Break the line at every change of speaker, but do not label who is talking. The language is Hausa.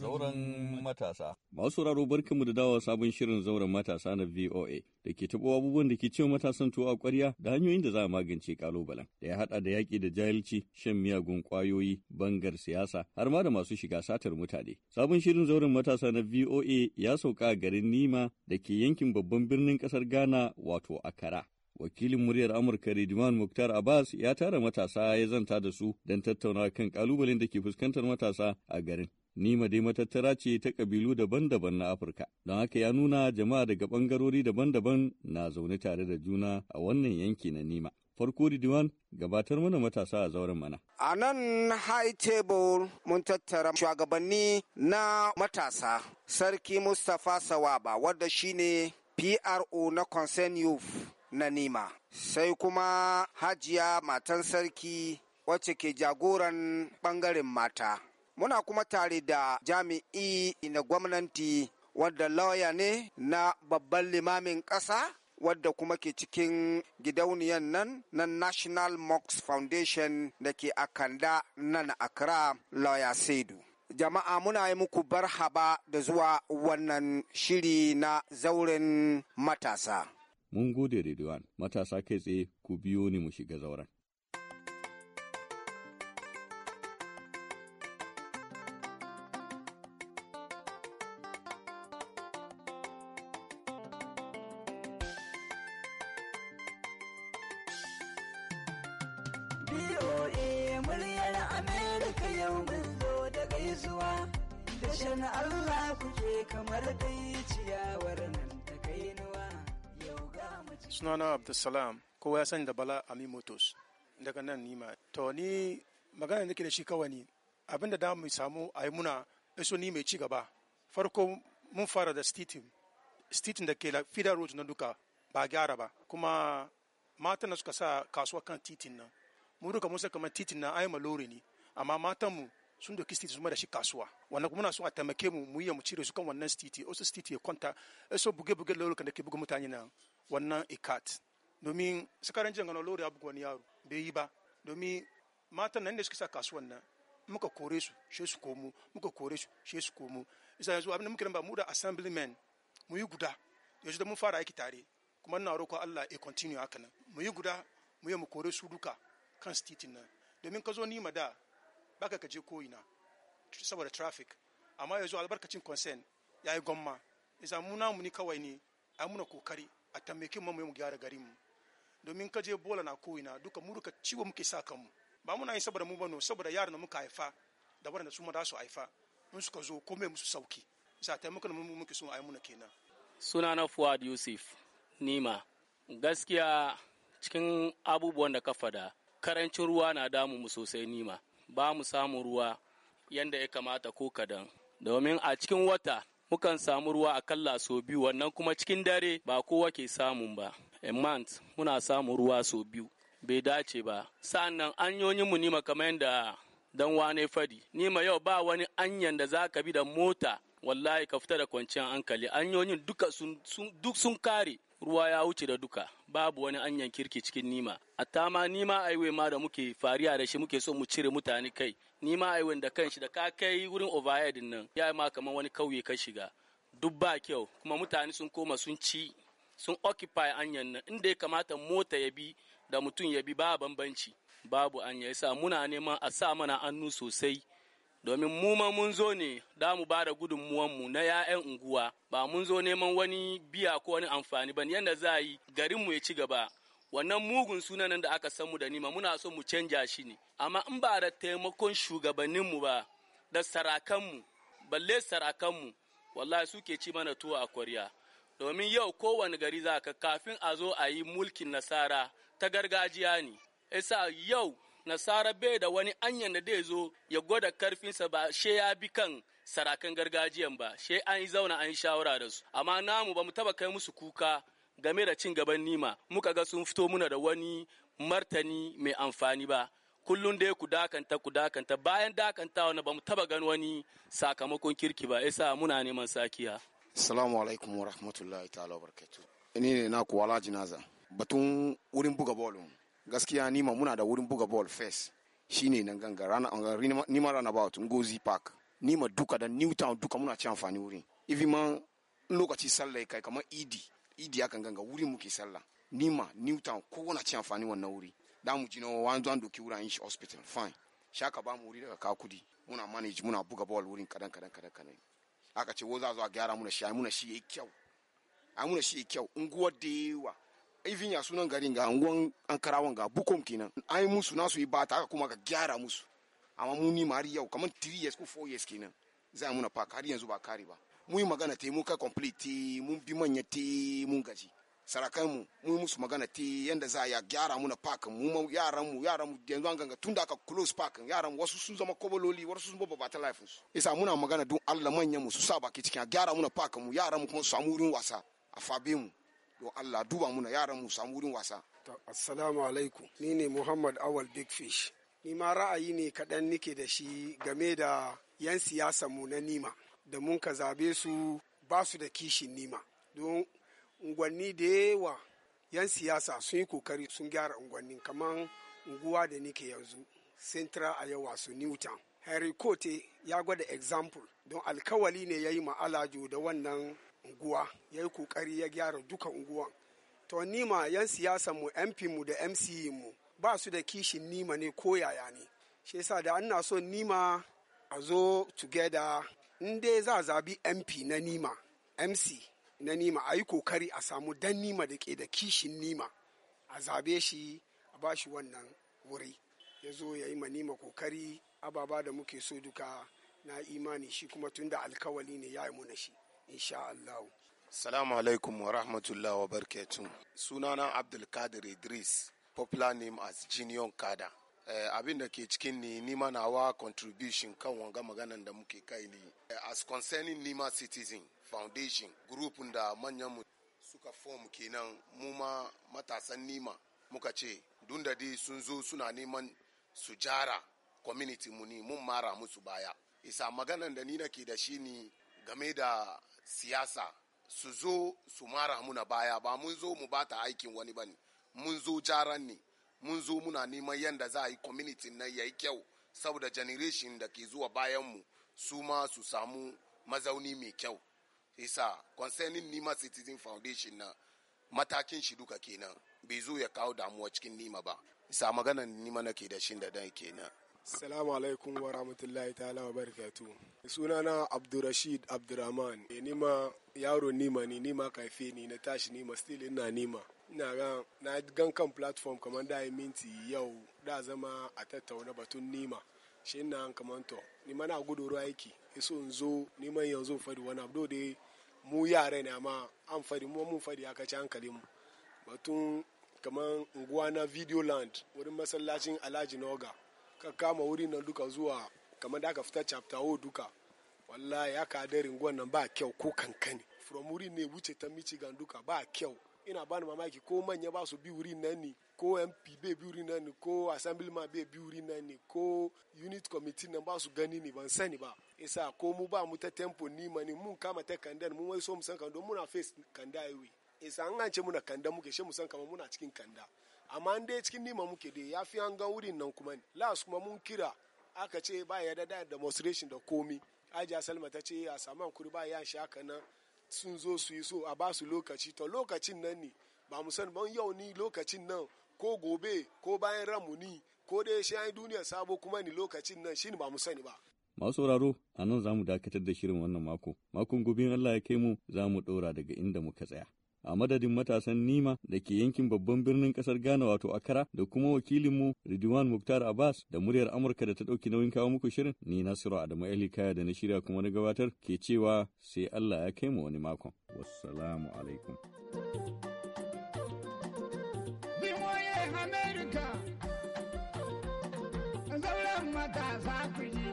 Zauren matasa. Masu sauraro barkanmu da dawa sabon shirin zauren matasa na VOA da ke taɓo abubuwan da ke cewa matasan tuwa a kwarya da hanyoyin da za a magance ƙalubalen da ya hada da yaki da jahilci, shan miyagun kwayoyi bangar siyasa har ma da masu shiga satar mutane. Sabon shirin zauren matasa na VOA ya sauka a garin Nima da ke yankin babban birnin kasar Ghana wato Akara. wakilin muryar Amurka Ridwan Muktar Abbas ya tara matasa ya zanta da su don tattaunawa kan kalubalen da ke fuskantar matasa a garin. Nima dai matattara ce ta kabilu daban-daban na Afirka, don haka ya nuna jama'a daga bangarori daban-daban na zaune tare da juna a wannan yanki na Nima. Farko Ridwan gabatar mana matasa a zauren mana.
A nan high table mun tattara shugabanni na matasa, Sarki Mustapha Sawaba, wadda shine PRO na Concern Youth. na nima. Sai kuma hajiya matan sarki wacce ke jagoran ɓangaren mata. Muna kuma tare da jami'i na gwamnati wadda lauya ne na babban limamin ƙasa wadda kuma ke cikin gidauniyan nan na National Mox Foundation da ke Akanda nan Accra lauya Saidu. Jama'a muna yi muku barhaba da zuwa wannan shiri na zauren matasa.
Mun gode rediyon matasa kai tsaye ku biyo ni mu shiga zauren.
muryar Amerika yau da gaisuwa, Allah ku je kamar dai
ciyawar nan.
sunana abdulsalam ko ya sani da bala ami motos daga nan nima to ni magana nake da shi kawai ne abin da mu samu a yi muna iso ni mai ci gaba farko mun fara da stitin stitin da ke fida road na duka ba gyara ba kuma matan da suka sa kasuwa kan titin nan mu duka mun kamar titin nan ayi malori ne amma matan mu sun doki stiti su da shi kasuwa wannan kuma muna so a taimake mu mu yi mu cire su kan wannan stiti osu stiti ya kwanta iso buge-buge lalurka da ke buga mutane nan wannan ikat domin sakarancin gano lori abu wani yaro bai yi ba domin matan nan da suka sa kasuwan nan muka kore su she su komo muka kore su she su komo isa yanzu abin da muka ba mu da men mu yi guda yanzu da mun fara aiki tare kuma na roƙo Allah ya continue haka nan mu yi guda mu yi mu kore su duka kan titin nan domin ka zo ni ma da baka ka je koyina saboda traffic amma yanzu albarkacin concern ya yi gwamma isa mu mu ni kawai ne a muna kokari a taimake mu mu gyara garin mu domin ka je bola na ko'ina duka mu duka ciwo muke sa kanmu ba muna yin saboda mu ba saboda yaran da muka haifa da waɗanda su ma za su haifa in suka zo komai musu sauki za ta muka mu muke so ayi muna kenan
suna na Fuad Yusuf Nima gaskiya cikin abubuwan da ka fada karancin ruwa na damu mu sosai Nima ba mu samu ruwa yanda ya kamata ko kadan domin a cikin wata mukan samu ruwa akalla sau biyu wannan kuma cikin dare ba kowa ke samun ba in month muna samun ruwa sau biyu bai dace ba sa'annan anyoyin mu nima kamar yadda dan wane fadi nima yau ba wani anyan da za ka bi da mota wallahi ka fita da kwanciyar hankali anyoyin duka duk sun kare ruwa ya wuce da duka babu wani anyan kirki cikin nima hatta ma nima aiwe ma da muke fariya da shi muke so mu cire mutane kai nima aiwe da kanshi da ka kai wurin overhead nan ya ma kamar wani kauye ka shiga duk ba kyau kuma mutane sun koma sun ci sun occupy anyan nan inda ya kamata mota ya bi da mutum ya bi ba bambanci babu anya yasa muna neman a sa mana hannu sosai domin mu ma mun zo ne da mu ba da gudunmuwanmu na 'ya'yan unguwa ba mun zo neman wani biya ko wani amfani ba yadda za a yi garinmu ya ci gaba wannan mugun sunanan da aka san mu da nima muna so mu canja shi ne amma in ba da taimakon shugabanninmu ba da sarakanmu balle sarakanmu wallahi suke ci mana tuwo a kwarya domin yau kowane gari za ka kafin a zo a yi mulkin nasara ta gargajiya ne isa yau nasara bai da wani anyan da zai zo ya gwada karfinsa ba she ya bi kan sarakan gargajiyan ba she an yi zauna an yi shawara da su amma namu ba mu taba kai musu kuka game da cin gaban nima muka ga sun fito muna da wani martani mai amfani ba kullum dai ku dakanta ku dakanta bayan dakantawa na bamu taba gan wani sakamakon kirki ba yasa muna neman sakiya
assalamu alaikum wa rahmatullahi ta'ala wa barakatuh ne naku wala jinaza batun wurin buga bolin gaskiya nima muna da wurin buga ball first shine nan ganga rana nima runabout ngozi park nima duka da newtown duka muna ci amfani wurin ifi ma lokaci sallah kai kamar idi idi akan ganga wurin muke sallah nima newtown kowane ci amfani wannan wuri da mu ji nawa wanzu an doki wurin shi hospital fine shaka ba mu wuri daga kakudi muna manage muna buga ball wurin kadan kadan kadan kadan aka ce wo za zo a gyara muna shi ai muna shi yayi kyau ai muna shi yayi kyau unguwar da yawa even ya sunan garin ga anguwan karawan ga bukom kenan an yi musu nasu yi bata kuma ga gyara musu amma mu ni mari yau kaman 3 years ko 4 years kenan zai muna fa kari yanzu ba kari ba mu yi magana te mu ka complete mun bi manya te mun gaji sarakan mu mu yi musu magana te yanda za ya gyara muna na park mu yaran mu yaran mu yanzu an ganga tunda aka close park yaran wasu sun zama kobololi wasu sun baba ta life su isa muna magana don Allah manyan mu su sa baki cikin gyara muna na park mu yaran mu kuma su samu wurin wasa a fabe mu don Allah duba muna yaran mu samu wurin wasa assalamu alaikum ni ne muhammad awal big fish ni ma ra'ayi ne kaɗan nike da shi game
da 'yan siyasa mu na nima da mun ka zabe su ba su da kishin nima don unguwanni da yawa 'yan siyasa sun yi kokari sun gyara unguwanni kamar unguwa da nike yanzu central ayawa su newtown harry kote ya gwada example don alkawali ne ya yi ma'alajo da wannan unguwa ya yi kokari ya gyara duka unguwa to nima yan siyasan mu mp mu da mc mu ba su da kishin nima ne ko yaya ne shi yasa da ana so nima a zo together in dai za zabi mp na nima mc na nima a yi kokari a samu dan nima da ke da kishin nima a zabe shi a ba shi wannan wuri ya zo ya yi ma nima kokari ababa da muke so duka na imani shi kuma tunda alkawali ne ya yi muna shi insha Allah.
Salamu alaikum wa rahmatullahi wa barketu Sunana Abdulkadir Idris, popular name as Jinion Kada. Eh, abin da ke cikin ni nima nawa contribution kan wanga maganan da muke kai ni eh, as concerning nima citizen foundation group da manyan mu suka form kenan mu ma matasan nima muka ce di sun zo suna neman su jara community mu ni mun mara musu baya isa maganan da ni nake da shi ne game da siyasa su zo su mara muna baya ba mun zo mu ba ta aikin wani ne mun zo jaran ne mun zo muna neman yadda za a yi community na yi kyau saboda generation da ke zuwa bayanmu su ma su samu mazauni mai kyau isa concerning nima citizen foundation na matakin shi duka kenan bai zo ya kawo damuwa cikin nima ba isa maganan nima nake da shi da dan kenan
Salamu alaikum wa rahmatullahi ta'ala wa barakatu. Sunana Abdurrashid Abdurrahman. E eh, nima yaro nima ni nima kaife ni na tashi nima still ina nima. Ina ga na gan kan platform kamar da yi minti yau da zama a tattauna batun nima. Shi ina kamar to nima na gudu ruwa aiki. Iso in zo nima yanzu fadi wani abu. dai mu yare ne amma an fadi mu mun fadi aka ci hankalin mu. Batun kamar unguwa na Video Land wurin masallacin Alhaji Noga. ka kama wuri nan duka zuwa kamar da aka fita chapter o duka wallahi aka da ringon nan ba kyau ko kankani from wuri ne wuce ta michigan duka ba kyau ina ba ni mamaki ko manya ba su bi wurin nan ne ko mp bai bi wurin nan ne ko assemblyman bai bi wurin nan ne ko unit committee nan ba su gani ne ban sani ba isa ko mu ba mu ta tempo ni mani mun kama ta kandan mun wai so mu san kando muna face kanda yawi isa an gance muna kanda muke she mu san kama muna cikin kanda amma an dai cikin nima muke dai ya fi an ga wurin nan kuma ne las kuma mun kira aka ce ba ya da demonstration da komi ajiya salma ta ce a samu hankuri ba ya shi haka nan sun zo su yi so a ba su lokaci to lokacin nan ne ba mu san ban yau ni lokacin nan ko gobe ko bayan ramu ni ko dai shi an duniya sabo kuma ni lokacin nan shi ba mu sani ba
Masu sauraro, a nan za mu dakatar da shirin wannan mako. Makon gobe Allah ya kai mu za mu ɗora daga inda muka tsaya. a madadin matasan Nima da ke yankin babban birnin kasar Ghana wato Akara da kuma wakilinmu Ridwan Muktar Abbas da muryar Amurka da ta ɗauki nauyin kawo muku shirin ni Nasiru Adamu Eli Kaya da na shirya kuma na gabatar ke cewa sai Allah ya kai mu wani makon. Wassalamu alaikum.
America, zauren matasa ku